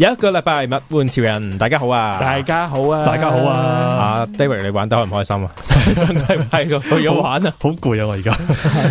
有一個禮拜物玩潮人，大家好啊！大家好啊！大家好啊！阿 David，你玩得開唔開心啊？係係，好有玩啊，好攰啊，我而家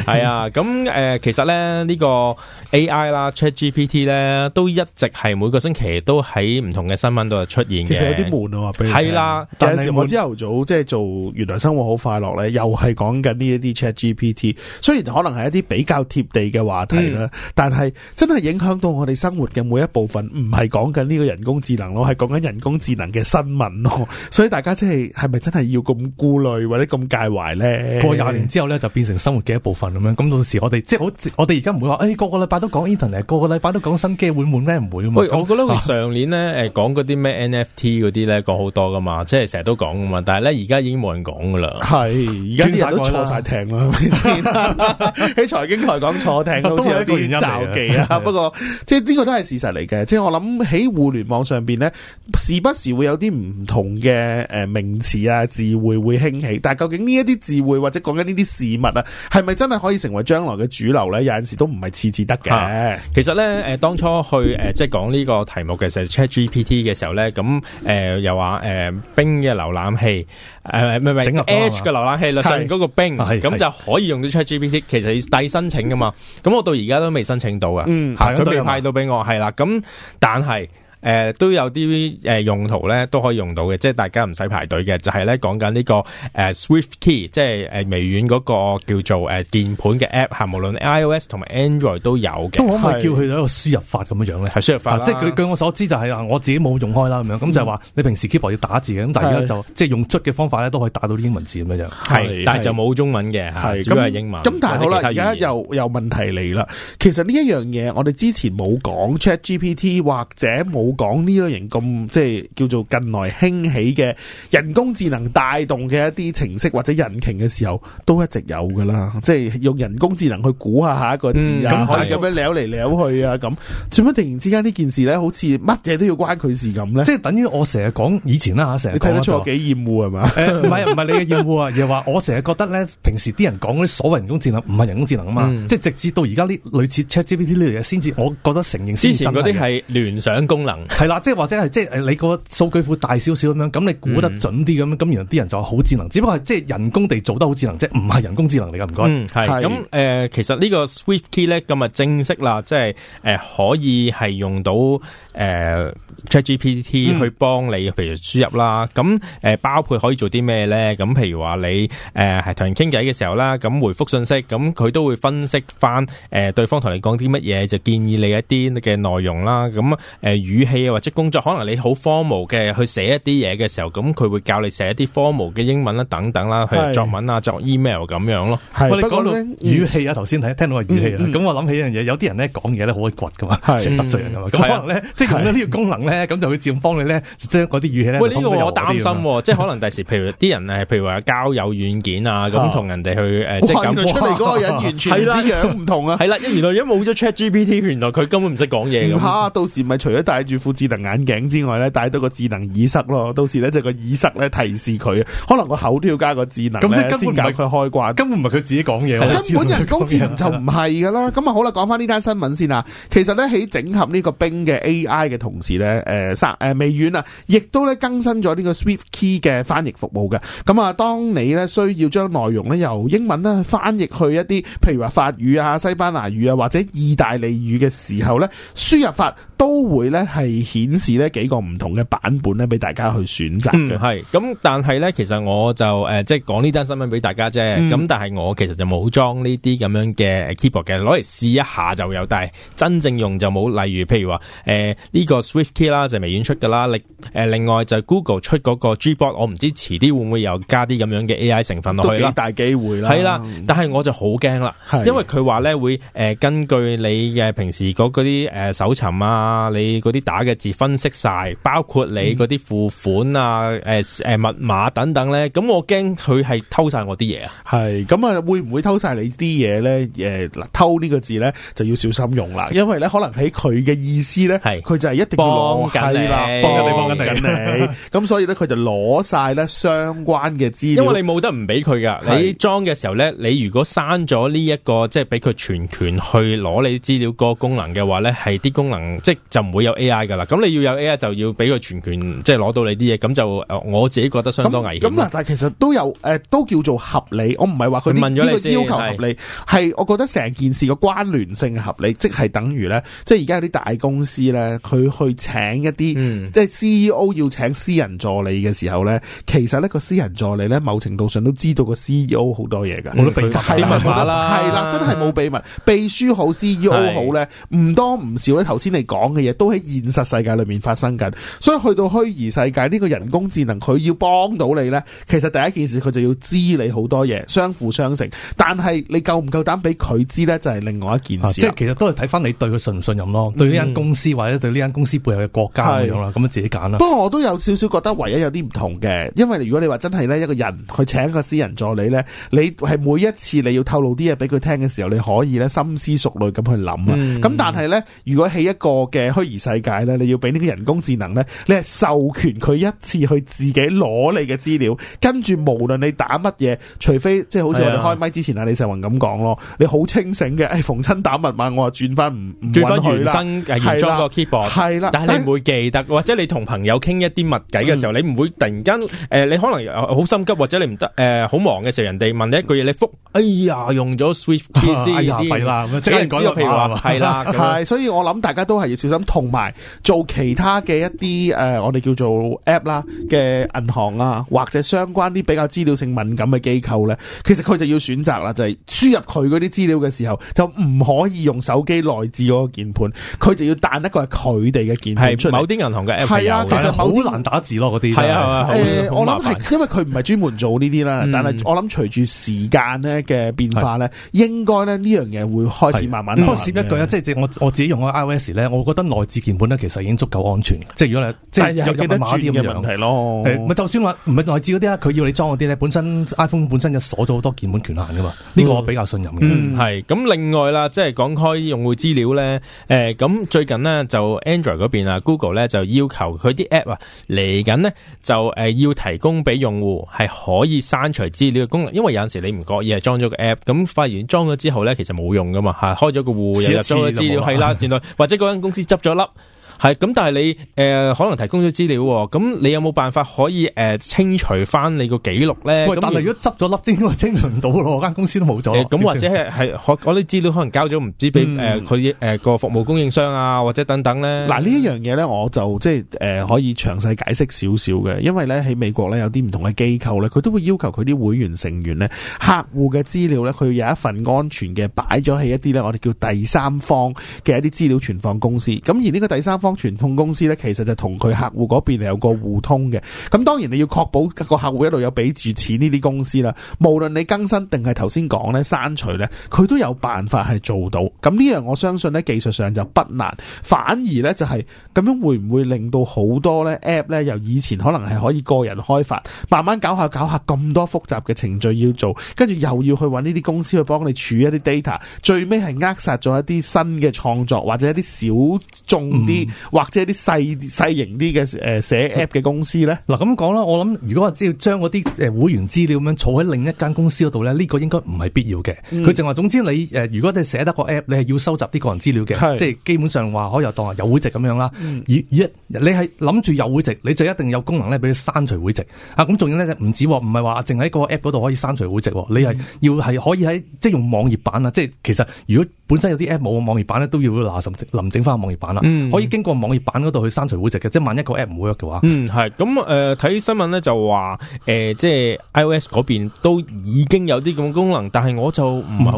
係啊。咁誒，其實咧呢個 AI 啦，ChatGPT 咧都一直係每個星期都喺唔同嘅新聞度出現嘅，其實有啲悶啊，係啦。但係我朝頭早即係做原來生活好快樂咧，又係講緊呢一啲 ChatGPT，雖然可能係一啲比較貼地嘅話題啦，但係真係影響到我哋生活嘅每一部分，唔係講緊。呢、這個人工智能咯，係講緊人工智能嘅新聞咯，所以大家即係係咪真係要咁顧慮或者咁介懷咧？過廿年之後咧，就變成生活嘅一部分咁樣。咁到時我哋即係好，我哋而家唔會話，誒、哎、個個禮拜都講 Internet 嚟，個個禮拜都講新機會唔會？唔會。喂，我覺得上年咧誒講嗰啲咩 NFT 嗰啲咧講好多噶嘛，即係成日都講噶嘛。但係咧而家已經冇人講噶啦。係，而家啲人都坐晒艇啦。喺 財經台講坐艇都有一個原因啊。 不過即係呢個都係事實嚟嘅。即係我諗起。互聯網上邊咧，時不時會有啲唔同嘅誒名詞啊、字彙會興起，但係究竟呢一啲智慧或者講緊呢啲事物啊，係咪真係可以成為將來嘅主流咧？有陣時都唔係次次得嘅。其實咧，誒當初去誒即係講呢個題目嘅，就係 ChatGPT 嘅時候咧，咁誒、呃、又話誒、呃、冰嘅瀏覽器，誒唔係唔係 Edge 嘅瀏覽器啦，上面嗰個冰咁就可以用到 ChatGPT。其實要遞申請㗎嘛，咁、嗯、我到而家都未申請到啊，咁嚇未派到俾我，係、嗯、啦，咁但係。誒、呃，都有啲誒用途咧，都可以用到嘅，即係大家唔使排隊嘅。就係咧講緊呢、這個誒、呃、SwiftKey，即係誒微軟嗰個叫做誒鍵盤嘅 app，係無論 iOS 同埋 Android 都有嘅。都可唔可以叫佢一個輸入法咁樣樣咧？係輸入法、啊，即係據據我所知就係話，我自己冇用開啦咁、嗯、樣。咁就係話你平時 keyboard 要打字嘅，咁大家就即係用出嘅方法咧，都可以打到啲英文字咁樣樣。係，但係就冇中文嘅吓，只係英文。咁但係好啦，而家又又問題嚟啦。其實呢一樣嘢我哋之前冇講 Chat GPT 或者冇。講呢類型咁即係叫做近來興起嘅人工智能帶動嘅一啲程式或者引擎嘅時候，都一直有噶啦，即係用人工智能去估下下一個字啊，咁、嗯嗯、樣撩嚟撩去啊，咁做乜突然之間呢件事咧，好似乜嘢都要關佢事咁咧？即係等於我成日講以前啦吓，成日睇得出，我幾厭惡係嘛？唔係唔係你嘅厭惡啊？又 話我成日覺得咧，平時啲人講嗰啲所謂人工智能唔係人工智能啊嘛，嗯、即係直至到而家呢類似 ChatGPT 呢樣嘢，先至我覺得承認。之前啲係聯想功能。係 啦，即係或者係，即係誒，你個數據庫大少少咁樣，咁你估得準啲咁樣，咁然後啲人就話好智能，只不過係即係人工地做得好智能啫，唔係人工智能嚟噶，唔該。嗯，係咁誒，其實呢個 Swift Key 咧，今日正式啦，即係誒、呃，可以係用到。誒，ChatGPT 去幫你，譬如輸入啦，咁誒，包括可以做啲咩咧？咁譬如話你誒係同人傾偈嘅時候啦，咁回覆信息，咁佢都會分析翻誒對方同你講啲乜嘢，就建議你一啲嘅內容啦。咁誒語氣啊，或者工作，可能你好 formal 嘅去寫一啲嘢嘅時候，咁佢會教你寫一啲 formal 嘅英文啦，等等啦，譬如作文啊，作 email 咁樣咯。我哋講到語氣啊，頭先係聽到個語氣啦。咁我諗起一樣嘢，有啲人咧講嘢咧好鬼倔噶嘛，成得罪人噶嘛。咁可能咧，即係。咁呢個功能咧，咁就照樣幫你咧，即嗰啲語氣咧。喂，呢、這個我擔心喎、啊，心啊、 即係可能第時譬，譬如啲人誒，譬如話交友軟件啊，咁 同人哋去誒，即係咁出嚟嗰個人完全啲樣唔同啊！係啦，因為原來一冇咗 Chat GPT，原來佢根本唔識講嘢㗎。嚇、啊，到時咪除咗戴住副智能眼鏡之外咧，戴到個智能耳塞咯。到時咧就是、個耳塞咧提示佢，可能個口都要加個智能即、嗯、根本就幫佢開掛，根本唔係佢自己講嘢。根本人工智能就唔係㗎啦。咁啊好啦，講翻呢單新聞先啊。其實咧喺整合呢個 Bing 嘅 AI。I 嘅同時咧，誒生誒微軟啊，亦都咧更新咗呢個 SwiftKey 嘅翻譯服務嘅。咁啊，當你咧需要將內容咧由英文咧翻譯去一啲，譬如話法語啊、西班牙語啊或者意大利語嘅時候咧，輸入法都會咧係顯示呢幾個唔同嘅版本咧俾大家去選擇嘅。係、嗯、咁，但係咧其實我就誒、呃、即係講呢單新聞俾大家啫。咁、嗯、但係我其實就冇裝呢啲咁樣嘅 keyboard 嘅，攞嚟試一下就有，但係真正用就冇。例如譬如話誒。呃呢、這個 Swift Key 啦，就微軟出噶啦。誒，另外就 Google 出嗰個 Gboard，我唔知遲啲會唔會又加啲咁樣嘅 AI 成分落去啦。都幾大機會啦，係啦。但係我就好驚啦、嗯，因為佢話咧會誒、呃，根據你嘅平時嗰嗰啲誒搜尋啊，你嗰啲打嘅字分析晒，包括你嗰啲付款啊，誒、嗯、誒、呃、密碼等等咧。咁我驚佢係偷晒我啲嘢啊。係咁啊，會唔會偷晒你啲嘢咧？誒、呃，偷呢個字咧就要小心用啦，因為咧可能喺佢嘅意思咧係。佢就係一定要攞你，幫緊你，咁 所以咧，佢就攞晒咧相關嘅資料。因為你冇得唔俾佢噶你裝嘅時候咧，你如果刪咗呢一個，即係俾佢全權去攞你資料嗰個功能嘅話咧，係啲功能即就唔、是、會有 AI 噶啦咁你要有 AI 就要俾佢全權，即係攞到你啲嘢。咁就我自己覺得相當危險。咁啦，但係其實都有誒、呃，都叫做合理。我唔係話佢問咗你呢個要求合理係，我覺得成件事個關聯性合理，即、就、係、是、等於咧，即係而家有啲大公司咧。佢去請一啲，即係 C E O 要請私人助理嘅時候呢，嗯、其實呢個私人助理呢，某程度上都知道個 C E O 好多嘢嘅，冇得秘密係啦，係啦，真係冇秘密，秘書好 C E O 好係係呢，唔多唔少呢，頭先你講嘅嘢都喺現實世界裏面發生緊，所以去到虛擬世界呢、這個人工智能，佢要幫到你呢。其實第一件事佢就要知你好多嘢，相輔相成，但係你夠唔夠膽俾佢知呢？就係另外一件事。啊、即係其實都係睇翻你對佢信唔信任咯，嗯、對呢間公司或者對。呢間公司背後嘅國家咁樣啦，咁樣、啊、自己揀啦。不過我都有少少覺得唯一有啲唔同嘅，因為如果你話真係咧，一個人去請一個私人助理咧，你係每一次你要透露啲嘢俾佢聽嘅時候，你可以咧深思熟慮咁去諗啊。咁、嗯、但係咧，如果喺一個嘅虛擬世界咧，你要俾呢個人工智能咧，你係授權佢一次去自己攞你嘅資料，跟住無論你打乜嘢，除非即係、就是、好似我哋開麥之前啊，李世雲咁講咯，你好清醒嘅，誒、哎、逢親打密碼，我話轉翻唔轉翻原生原係啦，但係你唔會記得，或者你同朋友傾一啲物計嘅時候，你唔會突然間誒、呃，你可能好心急或者你唔得誒，好、呃、忙嘅時候，人哋問你一句嘢，你覆哎呀用咗 SwiftKey、啊、PC 呢啲，即、哎、刻改個譬如話係啦，係， 所以我諗大家都係要小心，同埋做其他嘅一啲誒、呃，我哋叫做 App 啦嘅銀行啊，或者相關啲比較資料性敏感嘅機構咧，其實佢就要選擇啦，就係、是、輸入佢嗰啲資料嘅時候，就唔可以用手機內置嗰個鍵盤，佢就要彈一個佢哋嘅鍵盤出嚟，某啲銀行嘅 app 係啊，其實好難打字咯，嗰啲係啊！誒、啊啊，我諗係因為佢唔係專門做呢啲啦，但係我諗隨住時間咧嘅變化咧，應該咧呢樣嘢、這個、會開始慢慢。咁、啊、我試一句啊，即係我我自己用嘅 iOS 咧，我覺得內置鍵盤咧其實已經足夠安全即係、就是、如果你即係、啊就是、有密碼啲咁樣問題樣咯。誒，就算話唔係內置嗰啲啊，佢要你裝嗰啲咧，本身 iPhone 本身就鎖咗好多鍵盤權限噶嘛。呢、嗯這個我比較信任嘅。係、嗯。咁另外啦，即係講開用戶資料咧，誒、呃，咁最近呢就。Android 嗰邊啊，Google 咧就要求佢啲 App 啊嚟緊呢，就誒要提供俾用戶係可以刪除資料嘅功能，因為有陣時你唔覺意係裝咗個 App，咁發現裝咗之後呢，其實冇用噶嘛，吓開咗個戶又裝咗資料，係、嗯、啦，原來或者嗰間公司執咗笠。係咁，但係你誒、呃、可能提供咗資料，咁你有冇辦法可以誒清除翻你個記錄咧？喂，但係如果執咗笠，應該清除唔到咯，間公司都冇咗。咁、呃、或者係係我啲資料可能交咗唔知俾誒佢誒個服務供應商啊，或者等等咧。嗱呢一樣嘢咧，我就即係誒可以詳細解釋少少嘅，因為咧喺美國咧有啲唔同嘅機構咧，佢都會要求佢啲會員成員咧客戶嘅資料咧，佢有一份安全嘅擺咗喺一啲咧，我哋叫第三方嘅一啲資料存放公司。咁而呢個第三方。傳統公司咧，其實就同佢客戶嗰邊有個互通嘅。咁當然你要確保個客戶一路有俾住錢呢啲公司啦。無論你更新定係頭先講咧刪除咧，佢都有辦法係做到。咁呢樣我相信咧技術上就不難，反而咧就係、是、咁樣會唔會令到好多咧 app 咧由以前可能係可以個人開發，慢慢搞下搞下咁多複雜嘅程序要做，跟住又要去揾呢啲公司去幫你處理一啲 data，最尾係扼殺咗一啲新嘅創作或者一啲小眾啲。或者啲細細型啲嘅誒寫 app 嘅公司咧，嗱咁講啦，我諗如果話只要將嗰啲誒會員資料咁樣儲喺另一間公司嗰度咧，呢、呢個應該唔係必要嘅。佢淨話總之你誒、呃，如果你寫得個 app，你係要收集啲個人資料嘅，是即係基本上話可以當係有會籍咁樣啦。嗯、而而你係諗住有會籍，你就一定有功能咧，俾你刪除會籍啊。咁仲有咧，唔止，唔係話淨喺個 app 度可以刪除會籍，嗯、你係要係可以喺即係用網頁版啊。即係其實如果本身有啲 app 冇網頁版咧，都要嗱林整翻網頁版啦，嗯、可以經個網頁版嗰度去刪除會籍嘅，即、就、係、是、萬一,一個 app 唔會咗嘅話，嗯係咁誒睇新聞咧就話誒、呃、即係 iOS 嗰邊都已經有啲咁嘅功能，但係我就唔係好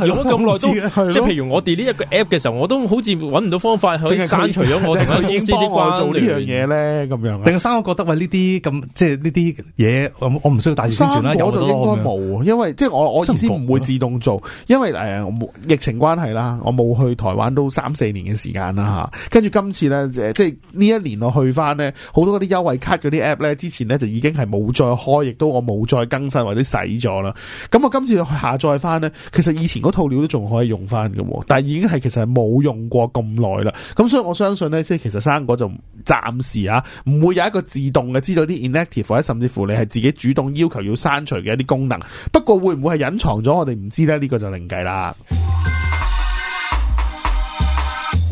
覺，用咗咁耐都，即係譬如我哋呢一個 app 嘅時候，我都好似搵唔到方法去刪除咗我哋喺公司啲愛做 樣呢樣嘢咧，咁樣。第三我覺得喂呢啲咁即係呢啲嘢，我唔需要大肆宣傳啦，有就應該冇，因為即係我我意思唔會自動做，因為誒、呃、疫情關係啦，我冇去台灣都三四年嘅時間啦吓，跟住今。今次咧，即係呢一年我去翻呢，好多嗰啲優惠卡嗰啲 app 呢，之前呢就已經係冇再開，亦都我冇再更新或者洗咗啦。咁我今次去下載翻呢，其實以前嗰套料都仲可以用翻喎，但係已經係其實係冇用過咁耐啦。咁所以我相信呢，即係其實生果就暫時啊，唔會有一個自動嘅，知道啲 inactive 或者甚至乎你係自己主動要求要刪除嘅一啲功能。不過會唔會係隱藏咗，我哋唔知呢，呢個就另計啦。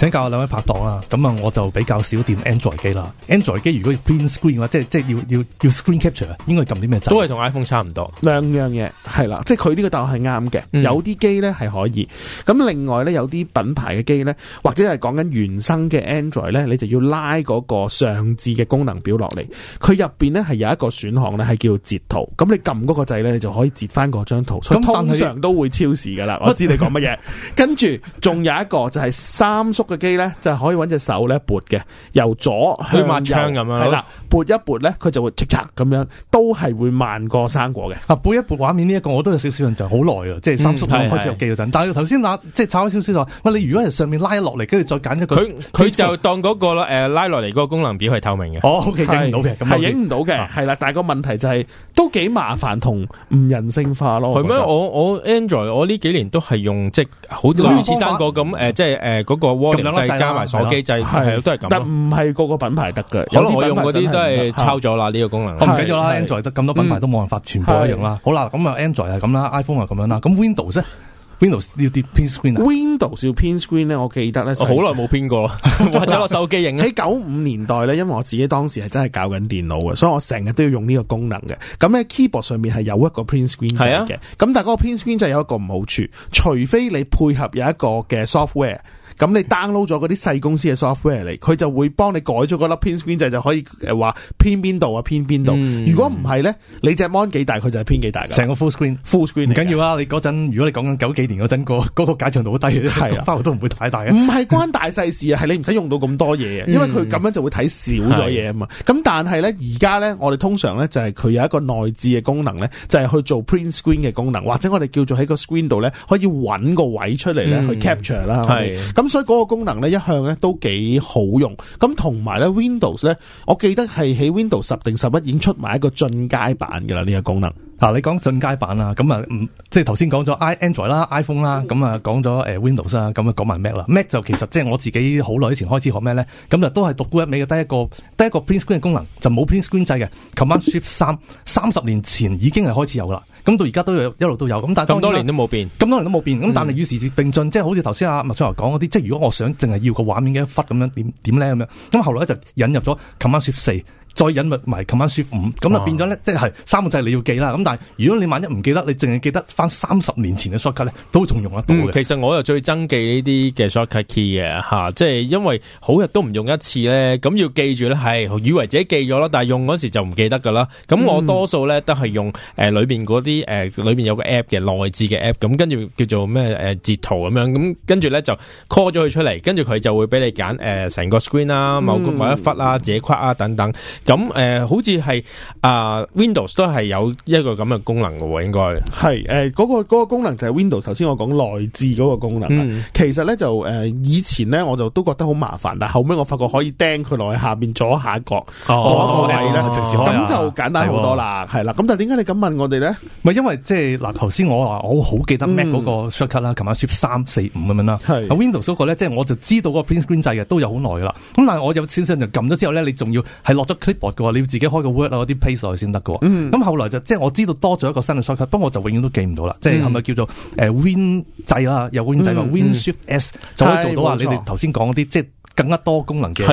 請教我兩位拍檔啦，咁啊我就比較少掂 Android 機啦。Android 機如果要 print screen 嘅話，即係即係要要要 screen capture 應應該撳啲咩掣？都係同 iPhone 差唔多兩樣嘢，係啦，即係佢呢個答案係啱嘅。有啲機咧係可以，咁、嗯、另外咧有啲品牌嘅機咧，或者係講緊原生嘅 Android 咧，你就要拉嗰個上置嘅功能表落嚟，佢入面咧係有一個選項咧係叫截圖，咁你撳嗰個掣咧，你就可以截翻嗰張圖。通常都會超時噶啦，我知你講乜嘢。 跟住仲有一個就係三叔。個機咧就可以揾隻手咧撥嘅，由左去抹右咁樣，係啦，撥一撥咧，佢就會即刻咁樣，都係會慢過生果嘅。啊、這個，撥一撥畫面呢一個我都有少少印象，好耐嘅，即係三叔我開始有記嗰陣。但係頭先嗱，即係炒咗少少就話，喂，你如果係上面拉落嚟，跟住再揀一個，佢佢就當嗰、那個誒、呃、拉落嚟個功能表係透明嘅。哦，係影唔到嘅，係影唔到嘅，係、啊、啦。但係個問題就係、是、都幾麻煩同唔人性化咯。係咩？我我 Android 我呢幾年都係用即係好類似生果咁誒、嗯呃，即係誒嗰個。兩加埋手機制係都係咁，但唔係個個品牌得嘅。可能我用嗰啲都係抄咗啦呢個功能。唔緊要啦，Android 得咁多品牌都冇辦法全部一樣啦。好啦，咁啊 Android 係咁啦，iPhone 係咁樣啦，咁、嗯、Windows 咧？Windows 要啲 print screen。Windows 要 print screen 咧？我記得咧、就是，好耐冇編過咯。或者個手機型喺九五年代咧，因為我自己當時係真係搞緊電腦嘅，所以我成日都要用呢個功能嘅。咁喺 keyboard 上面係有一個 print screen 嘅。咁但係嗰個 print screen 就有一個唔好處，除非你配合有一個嘅 software。咁你 download 咗嗰啲細公司嘅 software 嚟，佢就會幫你改咗嗰粒 print screen 就就可以誒話偏邊度啊偏邊度。如果唔係咧，你隻 mon 幾大，佢就係偏幾大。成個 full screen，full screen 唔緊要啊。你嗰陣如果你講緊九幾年嗰陣個嗰個解像度好低，係啊，花度都唔會太大唔、啊、係關大細事啊，係 你唔使用，用到咁多嘢啊，因為佢咁樣就會睇少咗嘢啊嘛。咁、嗯、但係咧而家咧，我哋通常咧就係、是、佢有一個內置嘅功能咧，就係、是、去做 print screen 嘅功能，或者我哋叫做喺個 screen 度咧可以揾個位出嚟咧、嗯、去 capture 啦。係咁。所以嗰個功能咧，一向咧都幾好用。咁同埋咧，Windows 咧，我記得係喺 Windows 十定十一已經出埋一個進階版噶啦呢個功能。嗱、啊，你講進階版啦，咁啊，唔即係頭先講咗 Android 啦、iPhone、eh, 啦，咁啊講咗誒 Windows 啦，咁啊講埋 Mac 啦。Mac 就其實即係我自己好耐以前開始學咩咧，咁就都係獨沽一味嘅，得一個得一個 Print Screen 嘅功能，就冇 Print Screen 制嘅 Command Shift 三三十年前已經係開始有啦。咁到而家都有一路都有咁，但係咁多年都冇變，咁多年都冇變，咁、嗯、但係與時並進，即係好似頭先阿麥春華講嗰啲，即係如果我想淨係要個畫面嘅一忽咁樣,樣,樣，點點咧咁樣咁後來咧就引入咗 Command Shift 4。再引入埋 Command Shift 5咁啊，變咗咧，即係三個掣你要記啦。咁但係如果你萬一唔記得，你淨係記得翻三十年前嘅 shortcut 咧，都仲用得到嘅、嗯。其實我又最憎記呢啲嘅 shortcut key 嘅、啊、即係因為好日都唔用一次咧，咁要記住咧係以為自己記咗啦，但係用嗰時就唔記得噶啦。咁我多數咧都係用誒裏、嗯呃、面嗰啲誒裏面有個 app 嘅內置嘅 app，咁跟住叫做咩誒、呃、截圖咁樣，咁跟住咧就 call 咗佢出嚟，跟住佢就會俾你揀誒成個 screen 啦、嗯，某個某一忽啊，自己啊等等。咁誒、呃，好似係啊，Windows 都係有一個咁嘅功能嘅喎，應該係誒嗰個嗰個功能就係 Windows。頭先我講內置嗰個功能，嗯、其實咧就誒、呃、以前咧我就都覺得好麻煩，但後尾我發覺可以釘佢落去下面左下角嗰個、哦哦哦哦、位咧，咁就簡單好多啦，係啦、哦。咁但係點解你咁問我哋咧？咪因為即係嗱，頭先我話我好記得 Mac 嗰個 shortcut 啦、嗯，琴晚 shift 三四五咁樣啦。Windows 嗰、那個咧，即、就、係、是、我就知道嗰個 print screen 掣嘅都有好耐啦。咁但係我有先生就撳咗之後咧，你仲要係落咗。啲簿嘅話，你要自己開個 Word 啊，啲 paste 落去先得嘅。咁後來就即係我知道多咗一個新嘅 shortcut，不過我就永遠都記唔到啦。即係係咪叫做誒、呃、Win 制啦，有 Win 制嘛、嗯、？Win Shift S 就可以做到啊！你哋頭先講嗰啲即係。更加多功能嘅，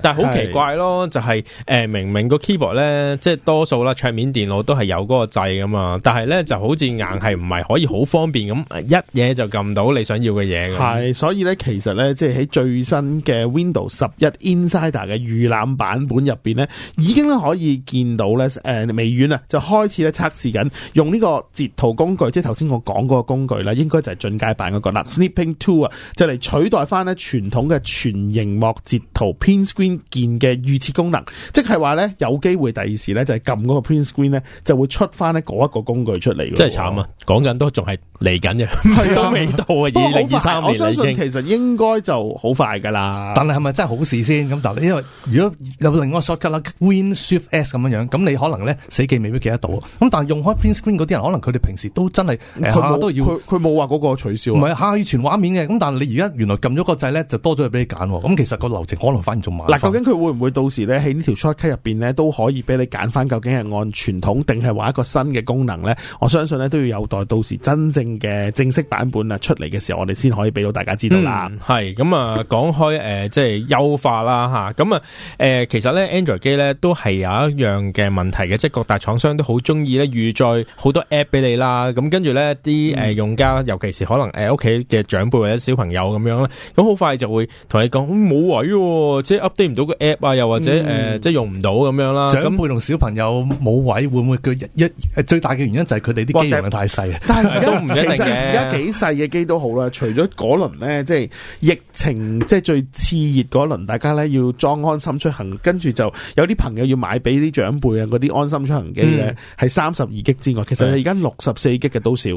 但係好奇怪咯，就係、是、誒、呃、明明個 keyboard 咧，即係多數啦桌面電腦都係有嗰個掣噶嘛，但係咧就好似硬係唔係可以好方便咁一嘢就撳到你想要嘅嘢。係所以咧其實咧，即係喺最新嘅 Windows 十一 Insider 嘅預覽版本入邊咧，已經咧可以見到咧誒、呃、微軟啊就開始咧測試緊用呢個截圖工具，即係頭先我講個工具、嗰個、啦，應該就係進階版嗰個啦，Snipping Tool 啊，就嚟取代翻咧傳統嘅傳。熒幕截圖 print screen 鍵嘅預設功能，即係話咧有機會第二時咧就係撳嗰個 print screen 咧就會出翻呢嗰一個工具出嚟。真係慘啊！講緊都仲係嚟緊嘅，未 都未到啊！二零二三年我相信其實應該就好快㗎啦。但係係咪真係好事先咁？但係因為如果有另外 shortcut 啦，Win Shift S 咁樣樣，咁你可能咧死記未必記得到。咁但係用開 print screen 嗰啲人，可能佢哋平時都真係、啊、都要佢冇話嗰個取消、啊，唔係下要存畫面嘅。咁但係你而家原來撳咗個掣咧，就多咗俾你揀。咁其實個流程可能反而仲慢，啊。嗱，究竟佢會唔會到時咧喺呢條 shortcut 入邊咧都可以俾你揀翻？究竟係按傳統定係話一個新嘅功能咧？嗯、我相信咧都要有待到時真正嘅正式版本啊出嚟嘅時候，我哋先可以俾到大家知道、嗯嗯啊呃，啦。係咁啊，講開誒，即係優化啦吓。咁啊，誒，其實咧 Android 機咧都係有一樣嘅問題嘅，即係各大廠商都好中意咧預載好多 app 俾你啦。咁跟住咧啲誒用家，尤其是可能誒屋企嘅長輩或者小朋友咁樣呢，咁好快就會同你講。冇位、啊，即係 update 唔到個 app 啊，又或者誒、嗯呃，即係用唔到咁樣啦。長輩同小朋友冇位，會唔會佢一一,一最大嘅原因就係佢哋啲機容量太細？但係而家其實而家幾細嘅機都好啦，除咗嗰輪咧，即係疫情即係最熾熱嗰輪，輪，大家咧要裝安心出行，跟住就有啲朋友要買俾啲長輩啊，嗰啲安心出行機咧係三十二 G 之外，其實你而家六十四 G 嘅都少。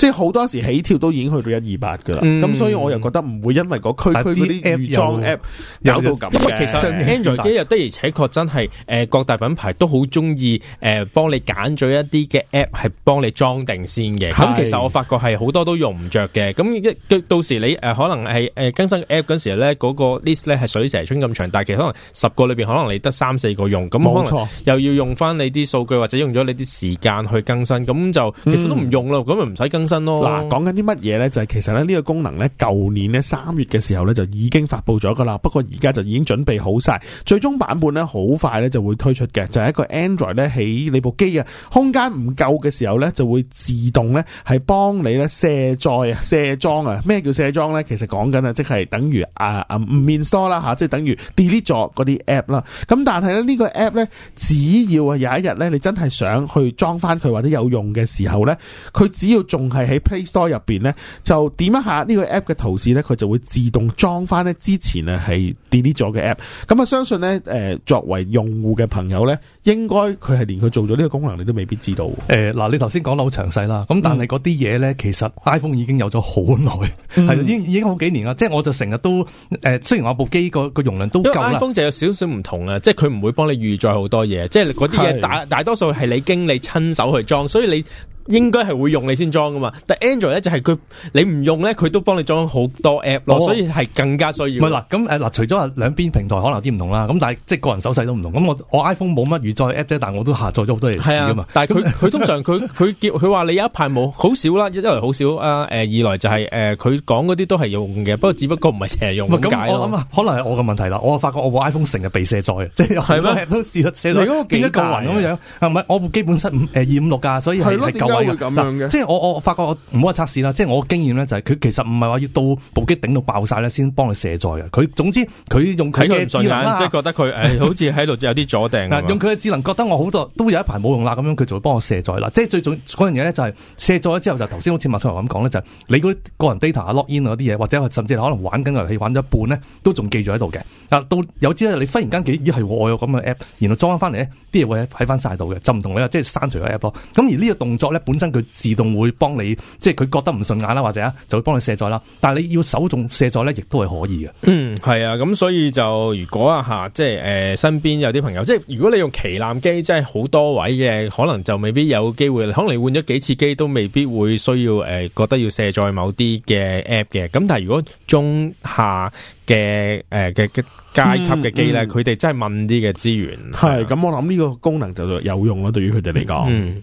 即係好多時起跳都已經去到一二八㗎啦，咁、嗯、所以我又覺得唔會因為區區區嗰啲預裝 app 搞到咁樣，因為其實上 Android 機又的而且確真係誒各大品牌都好中意誒幫你揀咗一啲嘅 app 係幫你裝定先嘅。咁其實我發覺係好多都用唔着嘅。咁到時你誒、呃、可能係誒、呃、更新 app 嗰時咧，嗰、嗰個、list 咧係水蛇春咁長，但係其實可能十個裏邊可能你得三四個用。咁可能又要用翻你啲數據或者用咗你啲時間去更新，咁就其實都唔用咯。咁又唔使更新。嗱，講緊啲乜嘢呢？就係其實咧呢個功能呢，舊年呢，三月嘅時候呢，就已經發布咗噶啦。不過而家就已經準備好晒，最終版本呢，好快呢就會推出嘅。就係一個 Android 咧喺你部機啊空間唔夠嘅時候呢，就會自動呢，係幫你呢卸載卸裝啊。咩叫卸裝呢？其實講緊啊，即係等於啊啊 uninstall 啦吓即係等於 delete 咗嗰啲 app 啦。咁但係呢呢個 app 呢，只要啊有一日呢，你真係想去裝翻佢或者有用嘅時候呢，佢只要仲係係喺 Play Store 入邊咧，就點一下呢個 App 嘅圖示咧，佢就會自動裝翻咧之前啊係 delete 咗嘅 App。咁啊，相信咧誒，作為用戶嘅朋友咧，應該佢係連佢做咗呢個功能，你都未必知道。誒，嗱，你頭先講得好詳細啦。咁但係嗰啲嘢咧，其實 iPhone 已經有咗好耐，係、嗯、已經好幾年啦。即係我就成日都誒，雖然我部機個個容量都夠 iPhone 就有少少唔同啦，即係佢唔會幫你預載好多嘢，即係嗰啲嘢大大多數係你經你親手去裝，所以你。應該係會用你先裝噶嘛，但 Android 咧就係、是、佢你唔用咧佢都幫你裝好多 app 咯、哦，所以係更加需要的。唔係啦，咁誒嗱，除咗話兩邊平台可能有啲唔同啦，咁但係即係個人手勢都唔同。咁我我 iPhone 冇乜預載 app 啫，但係我都下載咗好多嘢試噶嘛。但係佢佢通常佢佢話你有一排冇，好少啦，一來好少啊誒、呃，二來就係誒佢講嗰啲都係用嘅，不過只不過唔係成日用，咁我諗啊，可能係我嘅問題啦。我發覺我部 iPhone 成日被卸載，即係好多 app 都試咗卸載。你嗰個幾嚿雲咁樣樣？啊唔係，我部基本七五二五六噶，所以係。係咯，咁樣嘅，即係我我發覺我唔好話測試啦，即係我經驗咧就係、是、佢其實唔係話要到部機頂到爆晒咧先幫你卸載嘅。佢總之佢用佢嘅智能、啊、即係覺得佢誒、 哎、好似喺度有啲阻定。用佢嘅智能覺得我好多都有一排冇用啦，咁樣佢就會幫我卸載。嗱，即係最重嗰樣嘢咧就係卸載之後就頭、是、先好似麥生華咁講咧，就係、是、你嗰個人 data lock in 嗰啲嘢，或者甚至可能玩緊遊戲玩咗一半咧，都仲記住喺度嘅。嗱，到有朝一日你忽然間幾咦係我有咁嘅 app，然後裝翻翻嚟咧，啲嘢會喺翻晒度嘅，就唔同你即係刪除咗 app 咯。咁而呢個動作咧。本身佢自動會幫你，即係佢覺得唔順眼啦，或者啊，就會幫你卸載啦。但係你要手動卸載咧，亦都係可以嘅。嗯，係啊，咁所以就如果啊吓，即係誒、呃，身邊有啲朋友，即係如果你用旗艦機，即係好多位嘅，可能就未必有機會。可能你換咗幾次機都未必會需要誒、呃，覺得要卸載某啲嘅 app 嘅。咁但係如果中下嘅誒嘅階級嘅機咧，佢、嗯、哋真係問啲嘅資源係。咁、嗯啊、我諗呢個功能就有用咯，對於佢哋嚟講。嗯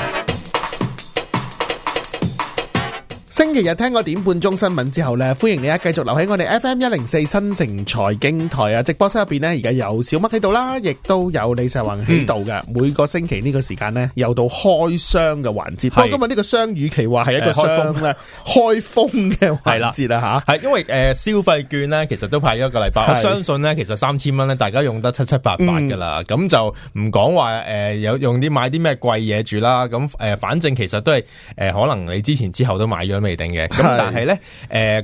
星期日聽過點半鐘新聞之後咧，歡迎你啊繼續留喺我哋 F M 一零四新城財經台啊直播室入邊呢，而家有小乜喺度啦，亦都有李世宏喺度嘅。每個星期呢個時間呢，又到開箱嘅環節。不過今日呢個箱，與其話係一個開箱咧，開封嘅環節啊吓。係因爲誒、呃、消費券呢，其實都派咗一個禮拜，我相信呢，其實三千蚊呢，大家用得七七八八噶啦。咁、嗯、就唔講話誒，有、呃、用啲買啲咩貴嘢住啦。咁誒、呃，反正其實都係誒、呃，可能你之前之後都買咗。未定嘅，咁但係咧，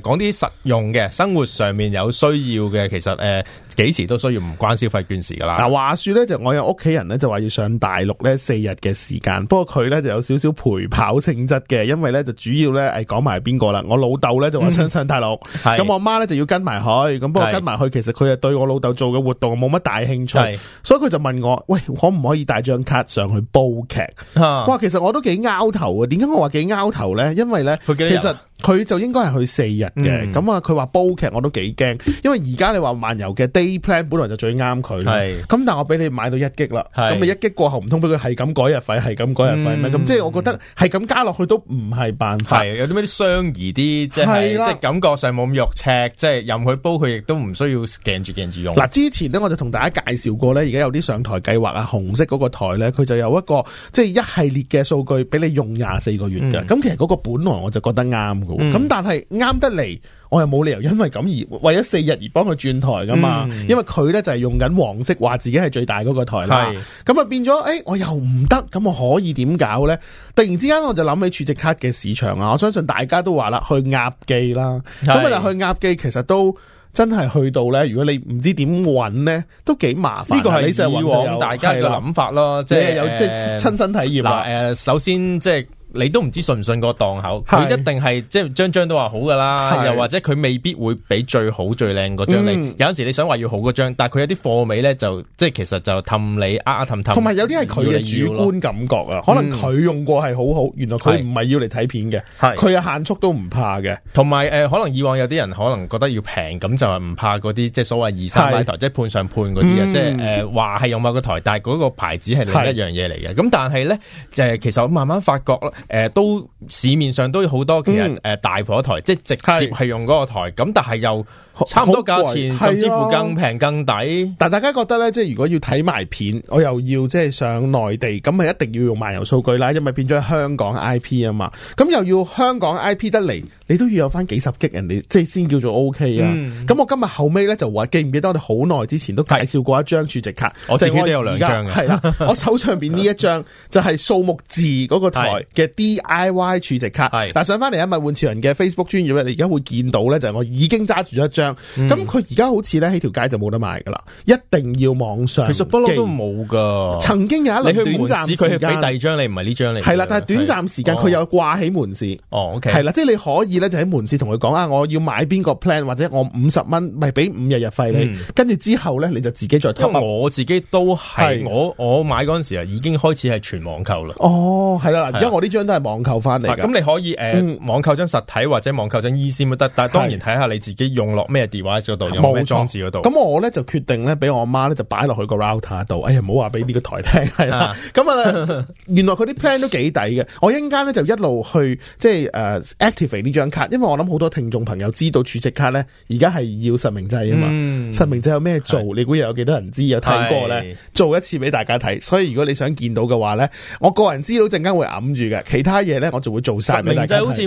誒，講啲實用嘅，生活上面有需要嘅，其實誒，幾、呃、時都需要唔關消費券事噶啦。嗱，話說咧就我有屋企人咧就話要上大陸咧四日嘅時間，不過佢咧就有少少陪跑性質嘅，因為咧就主要咧誒講埋邊個啦，我老豆咧就話想上大陸，咁、嗯、我媽咧就要跟埋佢，咁不過跟埋佢其實佢又對我老豆做嘅活動冇乜大興趣，所以佢就問我，喂，可唔可以帶張卡上去煲劇、嗯？哇，其實我都幾拗頭啊，點解我話幾拗頭咧？因為咧佢其實佢就應該係去四日嘅，咁啊佢話煲劇我都幾驚，因為而家你話漫遊嘅 day plan 本來就最啱佢，咁但係我俾你買到一擊啦，咁咪一擊過後唔通俾佢係咁改日費，係咁改日費咩？咁、嗯、即係我覺得係咁加落去都唔係辦法，有啲咩相宜啲，即係即係感覺上冇咁肉赤，即係任佢煲佢亦都唔需要鏡住鏡住用。嗱，之前呢，我就同大家介紹過咧，而家有啲上台計劃啊，紅色嗰個台咧，佢就有一個即係、就是、一系列嘅數據俾你用廿四個月㗎，咁、嗯、其實嗰個本來我就覺得。嗯、得啱咁，但係啱得嚟，我又冇理由因為咁而為咗四日而幫佢轉台噶嘛、嗯？因為佢咧就係用緊黃色話自己係最大嗰個台啦。咁啊變咗，誒、欸、我又唔得，咁我可以點搞咧？突然之間我就諗起儲值卡嘅市場啊！我相信大家都話啦，去鴨記啦。咁啊，去鴨記其實都真係去到咧。如果你唔知點搵咧，都幾麻煩。呢、這個係以往大家嘅諗法咯，即係有即係親身體驗啦誒，首先即係。你都唔知信唔信個檔口，佢一定係即係張張都話好噶啦，又或者佢未必會俾最好最靚嗰張你。嗯、有陣時你想話要好嗰張，但佢有啲貨尾咧就即係其實就氹你啊啊氹氹。同埋有啲係佢嘅主觀感覺啊、嗯，可能佢用過係好好，原來佢唔係要嚟睇片嘅，佢有限速都唔怕嘅。同、嗯、埋、呃、可能以往有啲人可能覺得要平咁就係唔怕嗰啲即係所謂二三牌台，即係判上判嗰啲嘅，即係誒話係用某個台，但係嗰個牌子係另一樣嘢嚟嘅。咁但係咧，就、呃、係其實我慢慢發覺誒、呃，都市面上都有好多其實誒大婆台，嗯、即係直接係用嗰個台，咁但係又，差唔多價錢，甚至乎更平更抵，啊。但大家覺得咧，即係如果要睇埋片，我又要即係上內地，咁咪一定要用漫遊數據啦，因為咪變咗香港 I P 啊嘛。咁又要香港 I P 得嚟，你都要有翻幾十 G 人哋，即係先叫做 O、OK、K 啊。咁、嗯、我今日後尾咧就話記唔記得我哋好耐之前都介紹過一張儲值卡，就是我，我自己都有兩張係啦， 我手上邊呢一張就係數目字嗰個台嘅 D I Y 儲值卡。係上翻嚟因物玩潮人嘅 Facebook 專頁咧，你而家會見到咧，就係、是、我已經揸住咗一張。咁佢而家好似咧喺條街就冇得賣噶啦，一定要網上。其實本來都冇噶，曾經有一段短暫時間。門市佢俾第二張，你唔係呢張嚟。係啦，但係短暫時間佢又掛起門市。哦，哦，OK。係啦，即係你可以咧，就喺門市同佢講啊，我要買邊個 plan，或者我五十蚊咪俾五日日費你。跟、嗯、住之後咧，你就自己再。因為我自己都係我我買嗰陣時啊，已經開始係全網購啦。哦，係啦，而家我呢張都係網購翻嚟。咁你可以誒、呃、網購張實體或者網購張 E C 咪得，但係當然睇下你自己用落咩電話度冇裝置嗰度，咁我咧就決定咧，俾我阿媽咧就擺落去個 router 度。哎呀，唔好話俾呢個台聽係啦。咁啊， 原來佢啲 plan 都幾抵嘅。我一陣間咧就一路去即係誒 activate 呢張卡，因為我諗好多聽眾朋友知道儲值卡咧，而家係要實名制啊嘛、嗯。實名制有咩做？你估又有幾多人知有聽過咧？做一次俾大家睇。所以如果你想見到嘅話咧，我個人知道陣間會揞住嘅。其他嘢咧我就會做晒。實名制好似。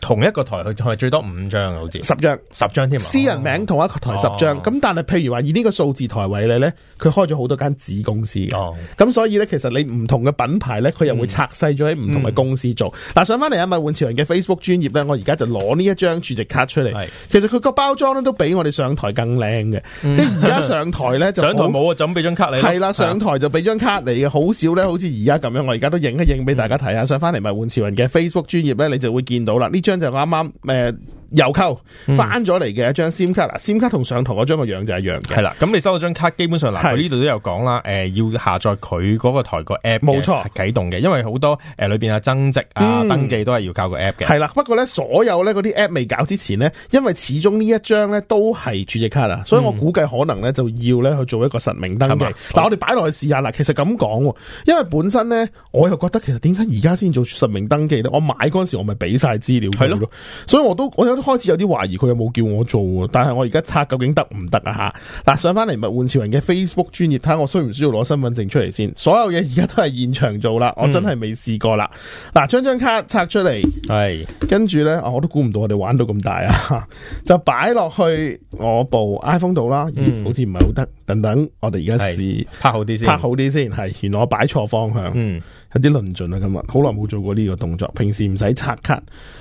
同一個臺佢就係最多五張好似，十張十張添，私人名同一個臺十張，咁、哦、但係譬如話以呢個數字臺為例咧，佢開咗好多間子公司咁、哦、所以咧其實你唔同嘅品牌咧，佢又會拆細咗喺唔同嘅公司做。嗱、嗯嗯、上翻嚟阿物玩潮人嘅 Facebook 專頁咧，我而家就攞呢一張儲值卡出嚟，其實佢個包裝都比我哋上台更靚嘅、嗯，即係而家上台咧就上台冇啊，準備俾張卡你係啦，上台就俾張卡你嘅，好少咧，好似而家咁樣，我而家都影一影俾大家睇下。嗯、上翻嚟物玩潮人嘅 Facebook 專頁咧，你就會見到啦。呢張就啱啱誒，呃郵購翻咗嚟嘅一張 sim 卡啦，sim 卡同上圖嗰張個樣就一樣嘅。係啦，咁你收到張卡，基本上嗱，呢度都有講啦。誒、呃，要下載佢嗰個台個 app，冇錯，係啟動嘅。因為好多誒、呃、裏邊啊增值啊、嗯、登記都係要靠個 app 嘅。係啦，不過咧所有咧嗰啲 app 未搞之前咧，因為始終呢一張咧都係儲值卡啦所以我估計可能咧、嗯、就要咧去做一個實名登記。嗱，但我哋擺落去試下啦。其實咁講，因為本身咧我又覺得其實點解而家先做實名登記咧？我買嗰陣時我咪俾晒資料佢咯，所以我都我有。開始有啲懷疑佢有冇叫我做，但係我而家拆究竟得唔得啊？吓、啊、嗱，上翻嚟物玩潮人嘅 Facebook 專頁睇下，看我需唔需要攞身份證出嚟先？所有嘢而家都係現場做啦、嗯，我真係未試過啦。嗱、啊，張張卡拆出嚟，係跟住呢、啊，我都估唔到我哋玩到咁大啊！就擺落去我部 iPhone 度啦、嗯，嗯，好似唔係好得，等等，我哋而家試拍好啲先，拍好啲先，係，原來我擺錯方向，嗯，有啲論盡啊，今日好耐冇做過呢個動作，平時唔使拆卡，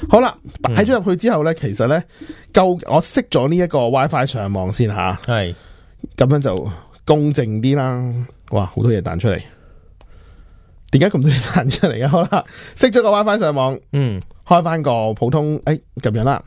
好啦，擺咗入去之後呢。嗯其實呢，夠我熄咗呢一個 WiFi 上網先吓，係、啊、咁樣就公正啲啦。哇，好多嘢彈出嚟，點解咁多嘢彈出嚟啊？好啦，熄咗個 WiFi 上網，嗯，開翻個普通，誒、嗯、咁、哎、樣啦。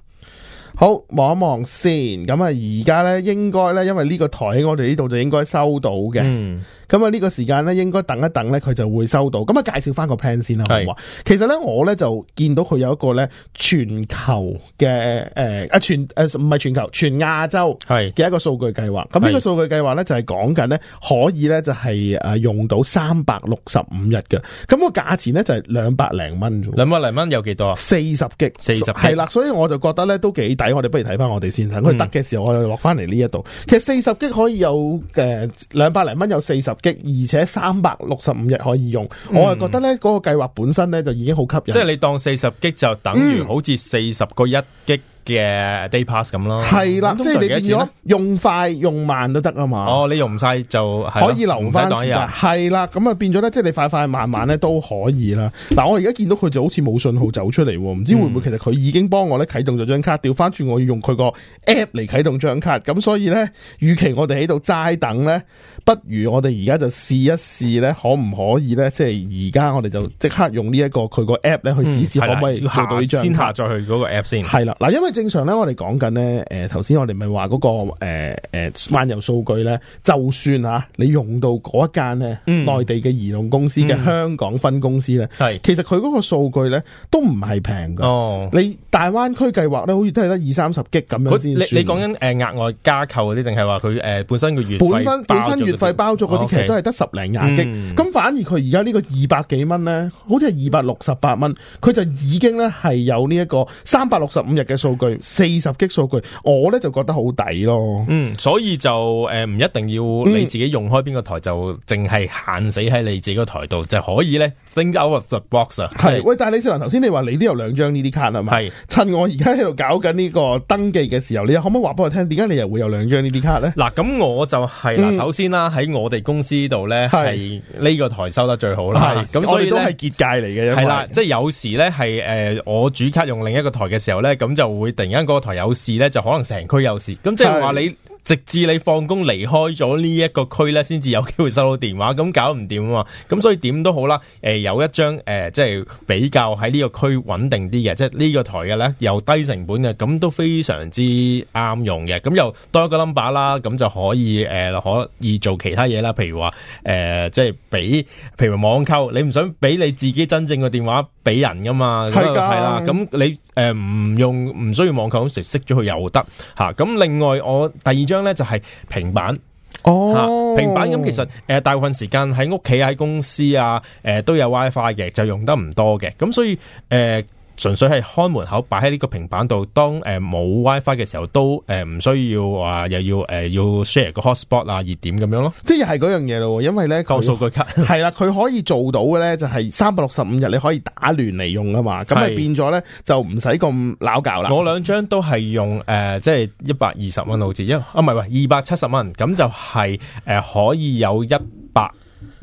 好，望一望先，咁啊，而家呢，應該呢，因為呢個台喺我哋呢度就應該收到嘅。嗯咁啊呢個時間咧，應該等一等咧，佢就會收到。咁啊，介紹翻個 plan 先啦，好嘛？其實咧，我咧就見到佢有一個咧全球嘅誒啊全誒唔係全球，全亞洲係嘅一個數據計劃。咁呢個數據計劃咧就係講緊咧可以咧就係誒用到三百六十五日嘅。咁個價錢咧就係兩百零蚊啫。兩百零蚊有幾多啊？四十 G，四十係啦。所以我就覺得咧都幾抵。我哋不如睇翻我哋先睇，佢得嘅時候我又落翻嚟呢一度。其實四十 G 可以有誒兩百零蚊有四十。而且三百六十五日可以用，嗯、我係覺得呢嗰個計劃本身呢就已經好吸引。即係你當四十 G 就等於好似四十個一 G、嗯。嘅 day pass 咁咯，係啦，即係你變咗用快用慢都得啊嘛。哦，你用唔晒就可以留翻時間，係啦，咁啊變咗咧，即、就、係、是、你快快慢慢咧都可以啦。嗱、嗯，我而家見到佢就好似冇信號走出嚟，唔知會唔會其實佢已經幫我咧啟動咗張卡，調翻轉我要用佢個 app 嚟啟動張卡，咁所以咧，與其我哋喺度齋等咧，不如我哋而家就試一試咧，可唔可以咧？即係而家我哋就即刻用呢、這、一個佢個 app 咧去試試可唔可以、嗯、做到呢張？先下載去嗰個 app 先，係啦，嗱，因為。正常咧，我哋講緊咧，誒、那個，頭先我哋咪話嗰個誒誒漫遊數據咧，就算吓、啊、你用到嗰一間咧，內、嗯、地嘅移動公司嘅香港分公司咧，係、嗯，其實佢嗰個數據咧都唔係平噶。你大灣區計劃咧，好似都係得二三十 G 咁樣先。你你講緊誒額外加購嗰啲，定係話佢誒本身嘅月費？本身本身月費包咗嗰啲其實都係得十零廿 G。咁、嗯、反而佢而家呢個二百幾蚊咧，好似係二百六十八蚊，佢就已經咧係有呢一個三百六十五日嘅數。四十 G 數據，我咧就覺得好抵咯。嗯，所以就誒唔、呃、一定要你自己用開邊個台，嗯、就淨係限死喺你自己個台度就可以咧。Think out of the box 啊。係，喂，但係李少文，頭先你話你都有兩張呢啲卡係嘛？係。趁我而家喺度搞緊呢個登記嘅時候，你可唔可以話俾我聽，點解你又會有兩張呢啲卡咧？嗱、啊，咁我就係啦。首先啦，喺、嗯、我哋公司度咧，係呢個台收得最好、啊、啦。係。咁所以都係結界嚟嘅。係啦，即係有時咧係誒，我主卡用另一個台嘅時候咧，咁就會。突然間嗰台有事咧，就可能成區有事，咁即係話你。直至你放工離開咗呢一個區咧，先至有機會收到電話，咁搞唔掂啊嘛！咁所以點都好啦，誒、呃、有一張誒、呃、即係比較喺呢個區穩定啲嘅，即係呢個台嘅咧又低成本嘅，咁都非常之啱用嘅。咁又多一個 number 啦，咁就可以誒、呃、可以做其他嘢啦，譬如話誒、呃、即係俾，譬如網購，你唔想俾你自己真正嘅電話俾人噶嘛？係噶，係啦。咁你誒唔、呃、用唔需要網購咁時熄咗佢又得吓。咁、啊、另外我第二。咁咧就係、是、平板，哦、oh.，平板咁其實誒大部分時間喺屋企、喺公司啊，誒、呃、都有 WiFi 嘅，就用得唔多嘅，咁所以誒。呃純粹係開門口擺喺呢個平板度，當誒冇、呃、WiFi 嘅時候都誒唔、呃、需要話、呃、又要誒、呃、要 share 個 hotspot 啊熱點咁樣咯，即係係嗰樣嘢咯，因為咧個數據卡係啦，佢可以做到嘅咧就係三百六十五日你可以打亂嚟用啊嘛，咁啊變咗咧就唔使咁鬧交啦。我兩張都係用誒即係一百二十蚊好似，一啊唔係喂二百七十蚊，咁就係、是、誒、呃、可以有一百。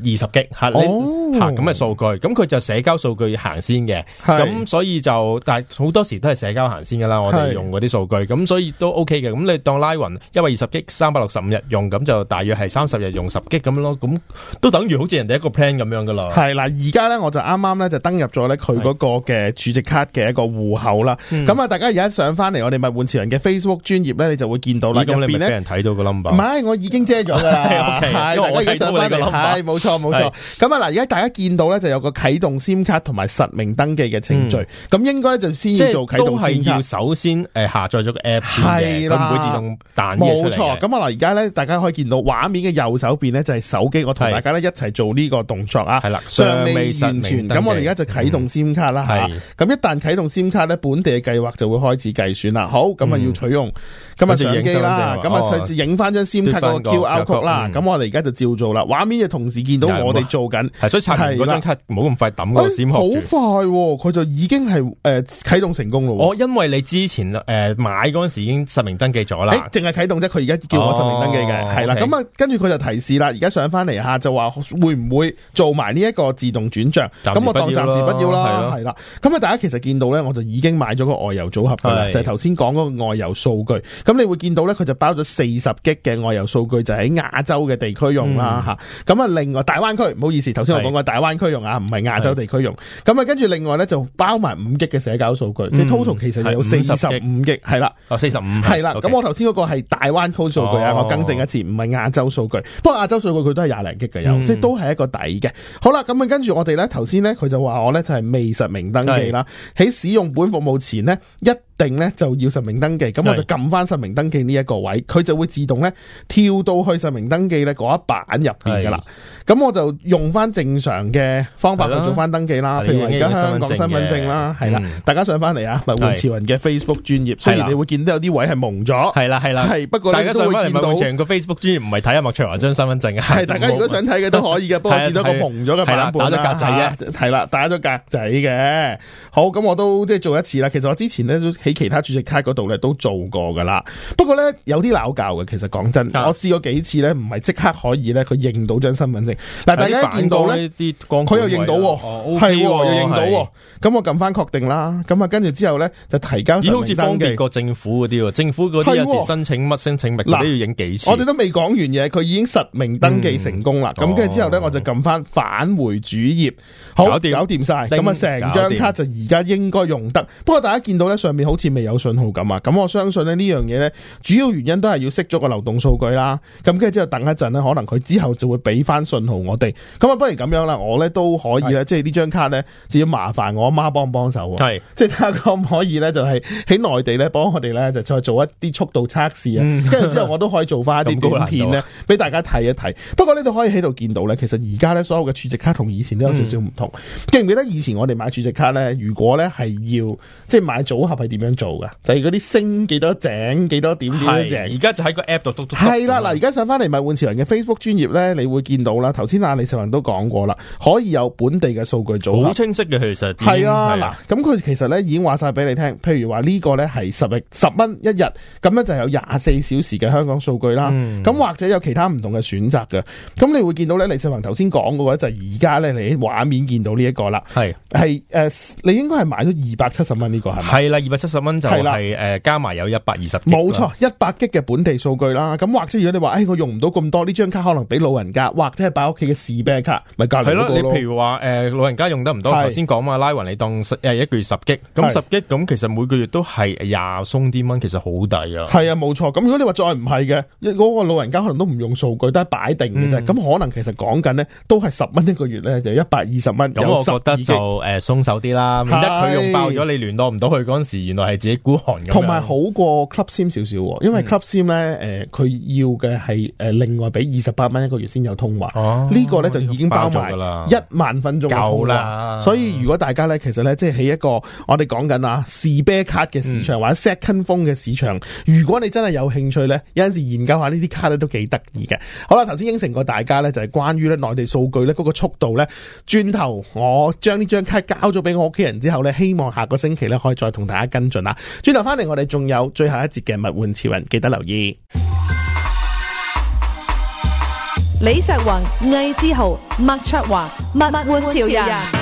二十激吓，你行，咁嘅數據，咁佢就社交數據行先嘅，咁所以就但係好多時都係社交行先噶啦，我哋用嗰啲數據，咁所以都 OK 嘅。咁你當拉勻一百二十激三百六十五日用，咁就大約係三十日用十激咁樣咯，咁都等於好似人哋一個 plan 咁樣噶咯。係啦，而家咧我就啱啱咧就登入咗咧佢嗰個嘅儲值卡嘅一個戶口啦。咁啊，大家而家上翻嚟我哋物玩潮人嘅 Facebook 專頁咧，你就會見到啦。咁、嗯、你唔俾人睇到個 number？唔係，我已經遮咗啦。冇、 okay, 錯。冇、哦、錯，咁啊嗱，而家大家見到咧就有個啟動 SIM 卡同埋實名登記嘅程序，咁、嗯、應該就先做啟動 SIM 卡。都係要首先誒下載咗個 app，啦唔會自動彈出。冇錯，咁啊，嗱而家咧大家可以見到畫面嘅右手邊咧就係手機，我同大家咧一齊做呢個動作啊。係啦，尚未完全。咁我哋而家就啟動 SIM 卡啦係，咁、嗯、一旦啟動 SIM 卡咧，本地嘅計劃就會開始計算啦。好，咁啊要取用。嗯咁啊，影機啦，咁、哦、啊，影翻張 SIM 卡個 QR Code 啦。咁我哋而家就照做啦。畫面就同時見到我哋做緊，係所以拆完嗰張卡、哎，唔好咁快抌個 SIM 殼。好快，佢就已經係誒、呃、啟動成功咯。我、哦、因為你之前誒、呃、買嗰時已經實名登記咗啦。誒、欸，淨係啟動啫，佢而家叫我實名登記嘅，係、哦、啦。咁啊、okay 嗯，跟住佢就提示啦，而家上翻嚟吓就話會唔會做埋呢一個自動轉賬，咁我當暫時不要啦，係、嗯、啦。咁啊，大家其實見到咧，我就已經買咗個外遊組合嘅啦，就係頭先講嗰個外遊數據。咁你會見到咧，佢就包咗四十 G 嘅外遊數據，就喺亞洲嘅地區用啦吓。咁啊，嗯、另外大灣區，唔好意思，頭先我講過大灣區用啊，唔係亞洲地區用。咁啊，跟住另外咧就包埋五 G 嘅社交數據，即係 total 其實有四十五 G 係啦，哦，四十五係啦。咁、okay. 我頭先嗰個係大灣區數據啊、哦，我更正一次，唔係亞洲數據。不過亞洲數據佢都係廿零 G 嘅有，即係都係一個底嘅。好啦，咁啊跟住我哋咧，頭先咧佢就話我咧就係、是、未實名登記啦，喺使用本服務前呢。一。定咧就要實名登記，咁我就撳翻實，實名登記呢一個位，佢就會自動咧跳到去實名登記咧嗰一版入邊噶啦。咁我就用翻正常嘅方法去做翻登記啦。譬如而家香港身份證、嗯、證啦，係啦，大家上翻嚟啊，物玩潮人嘅 Facebook 專頁，雖然你會見到有啲位係蒙咗，係啦係啦，係不過大家都會見到成個 Facebook 專頁，唔係睇阿物玩潮人張身份證啊。係大家如果想睇嘅都可以嘅，不過見到一個蒙咗嘅版本、啊、打咗格仔嘅，係、啊、啦打咗格仔嘅。好，咁我都即係做一次啦。其實我之前咧都。其他儲值卡嗰度咧都做過噶啦，不過咧有啲拗教嘅。其實講真、嗯，我試過幾次咧，唔係即刻可以咧，佢認到張身份證。嗱、嗯，大家見到咧，啲光佢又認到，係、哦、又、okay 哦、認到，咁、嗯嗯、我撳翻確定啦。咁啊，跟住之後咧就提交實名登記。咦，好似方便過政府嗰啲喎，政府嗰啲有時申請乜申請密碼都要影幾次。嗯、我哋都未講完嘢，佢已經實名登記成功啦。咁跟住之後咧，我就撳翻返回主頁，搞掂晒。咁啊，成張卡就而家應該用，用得。不過大家見到咧，上面好似未有信號咁啊！咁我相信呢樣嘢呢，主要原因都係要識足個流動數據啦。咁跟住之後等一陣呢，可能佢之後就會俾翻信號我哋。咁啊，不如咁樣啦，我呢都可以咧，即係呢張卡呢，就要麻煩我阿媽幫唔幫手啊？係，即係睇下可唔可以呢？就係喺內地呢，幫我哋呢，就再做一啲速度測試啊。跟、嗯、住之後我都可以做翻一啲影片呢，俾大家睇一睇。不過呢度可以喺度見到呢，其實而家呢，所有嘅儲值卡同以前都有少少唔同。嗯、記唔記得以前我哋買儲值卡呢？如果呢，係要即係買組合係點？咁樣做噶，就係嗰啲升幾多井，幾多點幾多，點多。而家就喺個 app 度嘟嘟。係啦，嗱，而家上翻嚟咪玩潮人嘅 Facebook 專頁咧，你會見到啦。頭先阿李世文都講過啦，可以有本地嘅數據做。好清晰嘅其實。係啊，嗱，咁佢其實咧已經話晒俾你聽，譬如話呢個咧係十日十蚊一日，咁咧就有廿四小時嘅香港數據啦。咁、嗯、或者有其他唔同嘅選擇嘅，咁你會見到咧，李世文頭先講嘅話就係而家咧你畫面見到呢一個啦。係係誒，uh, 你應該係買咗二百七十蚊呢個係咪？係啦，二百七。十蚊就係、是、誒、呃、加埋有一百二十 G，冇錯一百 G 嘅本地數據啦。咁或者如果你話誒、哎、我用唔到咁多呢張卡，可能俾老人家或者係擺屋企嘅士啤卡，咪隔籬嗰個咯。係咯，你譬如話誒、呃、老人家用得唔多，頭先講啊拉匀你當誒、呃、一個月十 G，咁十 G 咁其實每個月都係廿鬆啲蚊，其實好抵啊。係啊，冇錯。咁如果你話再唔係嘅，嗰、那個老人家可能都唔用數據，都係擺定嘅啫。咁、嗯、可能其實講緊咧都係十蚊一個月咧就一百二十蚊。咁、嗯、我覺得就誒、呃、鬆手啲啦，免得佢用爆咗你聯絡唔到佢嗰陣時，係自己孤寒咁，同埋好過 club sim 少少，因為 club sim 咧、嗯，誒、呃，佢要嘅係誒，另外俾二十八蚊一個月先有通話，呢、哦這個咧就已經包埋一萬分鐘嘅通話，所以如果大家咧，其實咧，即係喺一個我哋講緊啊士啤卡嘅市場、嗯、或者 second phone 嘅市場，如果你真係有興趣咧，有陣時研究下呢啲卡咧都幾得意嘅。好啦，頭先應承過大家咧，就係關於咧內地數據咧嗰個速度咧，轉頭我將呢張卡交咗俾我屋企人之後咧，希望下個星期咧可以再同大家跟。轉頭翻嚟，我哋仲有最後一節嘅物玩潮人，記得留意。李石宏、魏之豪、麥卓華，物玩潮人。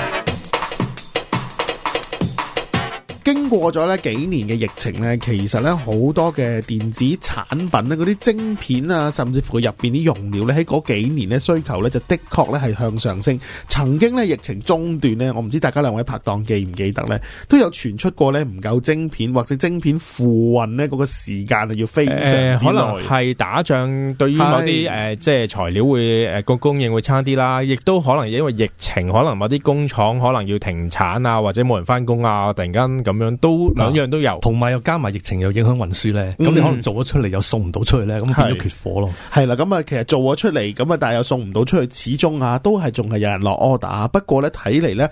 經過咗呢幾年嘅疫情呢，其實呢好多嘅電子產品呢，嗰啲晶片啊，甚至乎入邊啲用料呢，喺嗰幾年呢需求呢，就的確呢係向上升。曾經呢，疫情中斷呢，我唔知大家兩位拍檔記唔記得呢，都有傳出過呢唔夠晶片或者晶片附運呢嗰個時間要非常之耐，欸呃、可能係打仗對於，對於嗰啲誒即係材料會誒個供應會差啲啦，亦都可能因為疫情，可能某啲工廠可能要停產啊，或者冇人翻工啊，突然間咁。樣都兩樣都有，同埋又加埋疫情又影響運輸咧，咁你可能做咗出嚟又送唔到出去咧，咁變咗缺火咯。係啦，咁啊，其實做咗出嚟，咁啊，但係又送唔到出去，始終啊，都係仲係有人落 order。不過咧，睇嚟咧，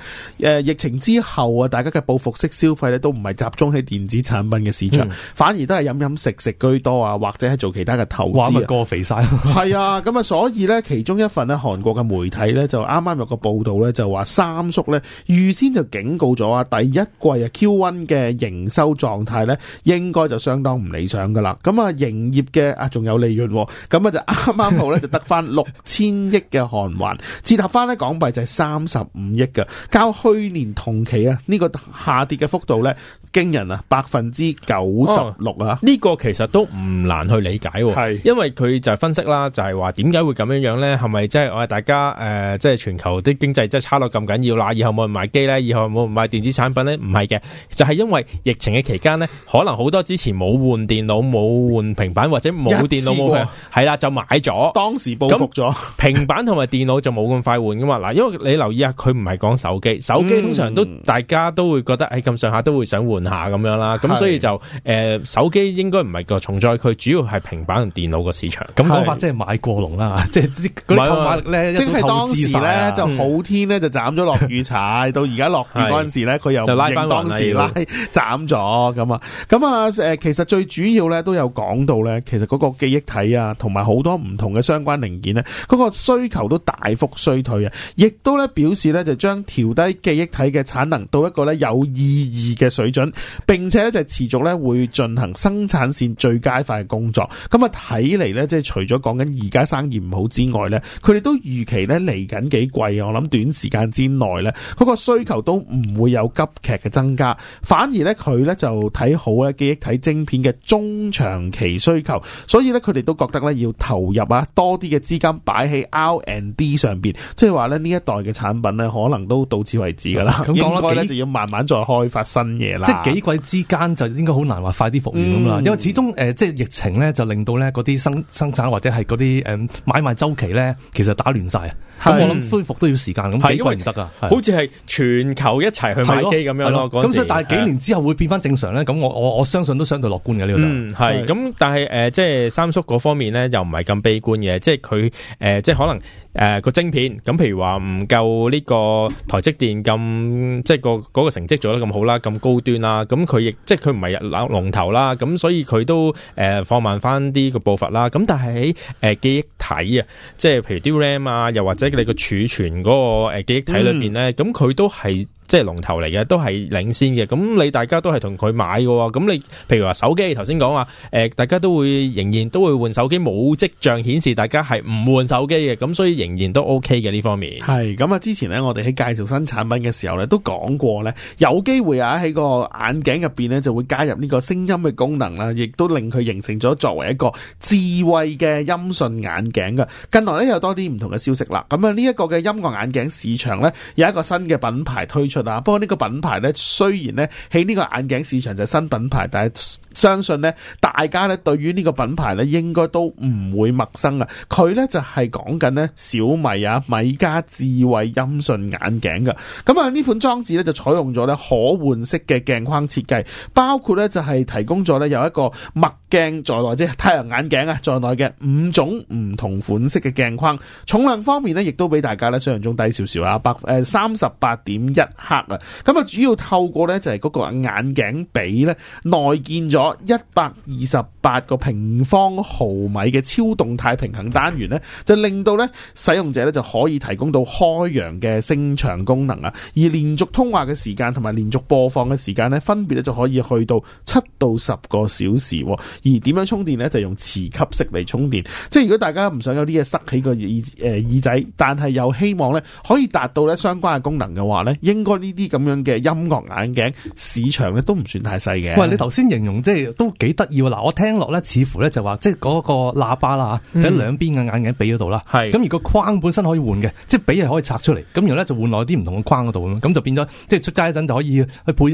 誒，疫情之後啊，大家嘅報復式消費咧，都唔係集中喺電子產品嘅市場、嗯，反而都係飲飲食食居多啊，或者係做其他嘅投資。話物過肥晒，係啊，咁 啊，所以咧，其中一份咧，韓國嘅媒體咧，就啱啱有個報道咧，就話三叔咧，預先就警告咗啊，第一季啊，Q1。嘅營收狀態咧，應該就相當唔理想噶啦。咁啊，營業嘅啊，仲有利潤、哦，咁啊就啱啱好呢，就得翻六千億嘅韓圜，折 合翻呢港幣就係三十五億嘅。較去年同期啊，呢、這個下跌嘅幅度呢，驚人啊，百分之九十六啊。呢、這個其實都唔難去理解，係因為佢就係分析啦，就係話點解會咁樣樣呢？係咪即係我哋大家誒，即、呃、係、就是、全球啲經濟真係差到咁緊要，以後冇人買機呢，以後冇人買電子產品呢，唔係嘅。就係、是、因為疫情嘅期間呢，可能好多之前冇換電腦、冇換平板或者冇電腦冇嘅，係啦，就買咗。當時報復咗 平板同埋電腦就冇咁快換噶嘛。嗱，因為你留意下，佢唔係講手機，手機通常都、嗯、大家都會覺得誒咁上下都會想換下咁樣啦。咁所以就誒、呃、手機應該唔係個重災區，主要係平板同電腦個市場。咁講法即係買過龍啦，即係嗰啲購買力咧，即係當時咧就好天咧就斬咗落雨柴。 到而家落雨嗰陣時咧佢又就拉翻落嚟啦。 係斬咗咁啊，咁啊，誒，其實最主要咧都有講到咧，其實嗰個記憶體啊，同埋好多唔同嘅相關零件咧，嗰個需求都大幅衰退啊，亦都咧表示咧就將調低記憶體嘅產能到一個咧有意義嘅水準，並且咧就持續咧會進行生產線最佳化嘅工作。咁啊睇嚟咧，即係除咗講緊而家生意唔好之外咧，佢哋都預期咧嚟緊幾季，我諗短時間之內咧，嗰個需求都唔會有急劇嘅增加。反而咧佢咧就睇好咧記憶體晶片嘅中長期需求，所以咧佢哋都覺得咧要投入啊多啲嘅資金擺喺 R and D 上面。即係話咧呢一代嘅產品咧可能都到此為止噶啦。咁講啦，就要慢慢再開發新嘢啦。即係幾季之間就應該好難話快啲復原咁啦、嗯，因為始終、嗯呃、即係疫情咧就令到咧嗰啲生生產或者係嗰啲誒買賣周期咧其實打亂晒。咁我諗恢復都要時間。咁幾季唔得噶，好似係全球一齊去買機咁樣咯。咁、right, 所以但係幾年之後會變翻正常咧？咁我我我相信都相對樂觀嘅呢個就係咁。但係誒、呃，即係三叔嗰方面咧，又唔係咁悲觀嘅。即係佢誒，即係可能誒個、呃、晶片咁，譬如話唔夠呢個台積電咁，即係個嗰個成績做得咁好啦，咁高端啦。咁佢亦即係佢唔係龍頭啦。咁所以佢都誒、呃、放慢翻啲個步伐啦。咁但係喺誒記憶體啊，即係譬如啲 RAM 啊，又或者你儲個儲存嗰個誒記憶體裏邊咧，咁、嗯、佢都係。即係龍頭嚟嘅，都係領先嘅。咁你大家都係同佢買嘅喎。咁你譬如話手機，頭先講話，誒，大家都會仍然都會換手機，冇跡象顯示大家係唔換手機嘅。咁所以仍然都 OK 嘅呢方面。係。咁啊，之前呢我哋喺介紹新產品嘅時候咧，都講過咧，有機會啊，喺個眼鏡入邊咧，就會加入呢個聲音嘅功能啦，亦都令佢形成咗作為一個智慧嘅音訊眼鏡嘅。近來咧有多啲唔同嘅消息啦。咁啊，呢一個嘅音樂眼鏡市場咧有一個新嘅品牌推出。不過呢個品牌咧，雖然咧喺呢個眼鏡市場就係新品牌，但係相信咧，大家咧對於呢個品牌咧，應該都唔會陌生噶佢咧就係講緊咧小米啊，米家智慧音訊眼鏡噶咁啊，呢款裝置咧就採用咗咧可換式嘅鏡框設計，包括咧就係提供咗咧有一個墨鏡在內，即係太陽眼鏡啊在內嘅五種唔同款式嘅鏡框。重量方面咧，亦都俾大家咧想像中低少少啊，百誒三十八點一。黑啊！咁啊，主要透過咧就係嗰個眼鏡髀咧內建咗一百二十八個平方毫米嘅超動態平衡單元咧，就令到咧使用者咧就可以提供到開揚嘅聲場功能啊！而連續通話嘅時間同埋連續播放嘅時間咧，分別咧就可以去到七到十個小時。而點樣充電咧，就用磁吸式嚟充電。即係如果大家唔想有啲嘢塞起個耳誒、呃、耳仔，但係又希望咧可以達到咧相關嘅功能嘅話咧，應該。呢啲咁樣嘅音樂眼鏡市場咧都唔算太細嘅。喂，你頭先形容即係都幾得意啊！嗱，我聽落咧似乎咧就話，即係嗰個喇叭啦，喺兩邊嘅眼鏡鼻嗰度啦。咁、嗯，如果框本身可以換嘅，即係鼻係可以拆出嚟，咁然後咧就換落啲唔同嘅框嗰度咁，咁就變咗即係出街嗰陣就可以去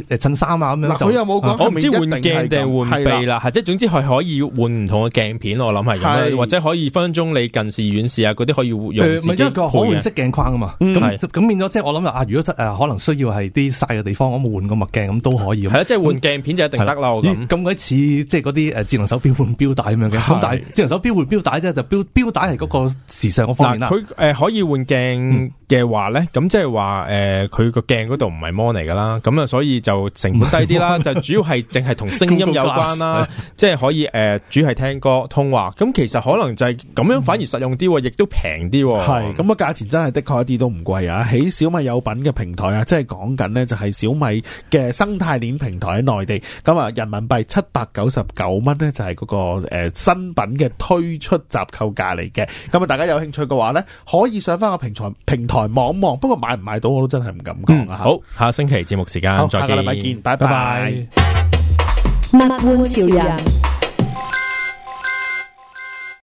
配襯衫啊咁、嗯、樣。佢又冇講，我唔知換鏡定換鼻啦，即總之係可以換唔同嘅鏡片。我諗係咁，或者可以分分鐘你近視、遠視啊嗰啲可以用。誒，唔係因為個可換色鏡框啊嘛，咁、嗯、咁變咗即係我諗啊，如果可能都要係啲曬嘅地方，我冇換個墨鏡咁都可以。係啊，即係換鏡片、嗯、就一定了是得啦。咁咁鬼似即係嗰啲誒智能手表換表帶咁樣嘅。但係智能手表換表帶啫，就表表帶係嗰個時尚嗰方面啦。佢、嗯、誒、啊呃、可以換鏡嘅話咧，咁即係話誒佢個鏡嗰度唔係 mon 嚟噶啦，咁啊所以就成本低啲啦。就主要係淨係同聲音有關啦， 即係可以誒、呃、主要係聽歌通話。咁其實可能就係咁樣、嗯、反而實用啲，亦都平啲。係咁啊，個價錢真係的，的確一啲都唔貴啊！喺小米有品嘅平台啊，即係。講緊咧就係小米嘅生態鏈平台喺內地，咁啊人民幣七百九十九蚊咧就係嗰個誒新品嘅推出集購價嚟嘅。咁啊大家有興趣嘅話咧，可以上返個平台平台望一望，不過買唔買到我都真係唔敢講啊！好，下星期節目時間再見，拜拜。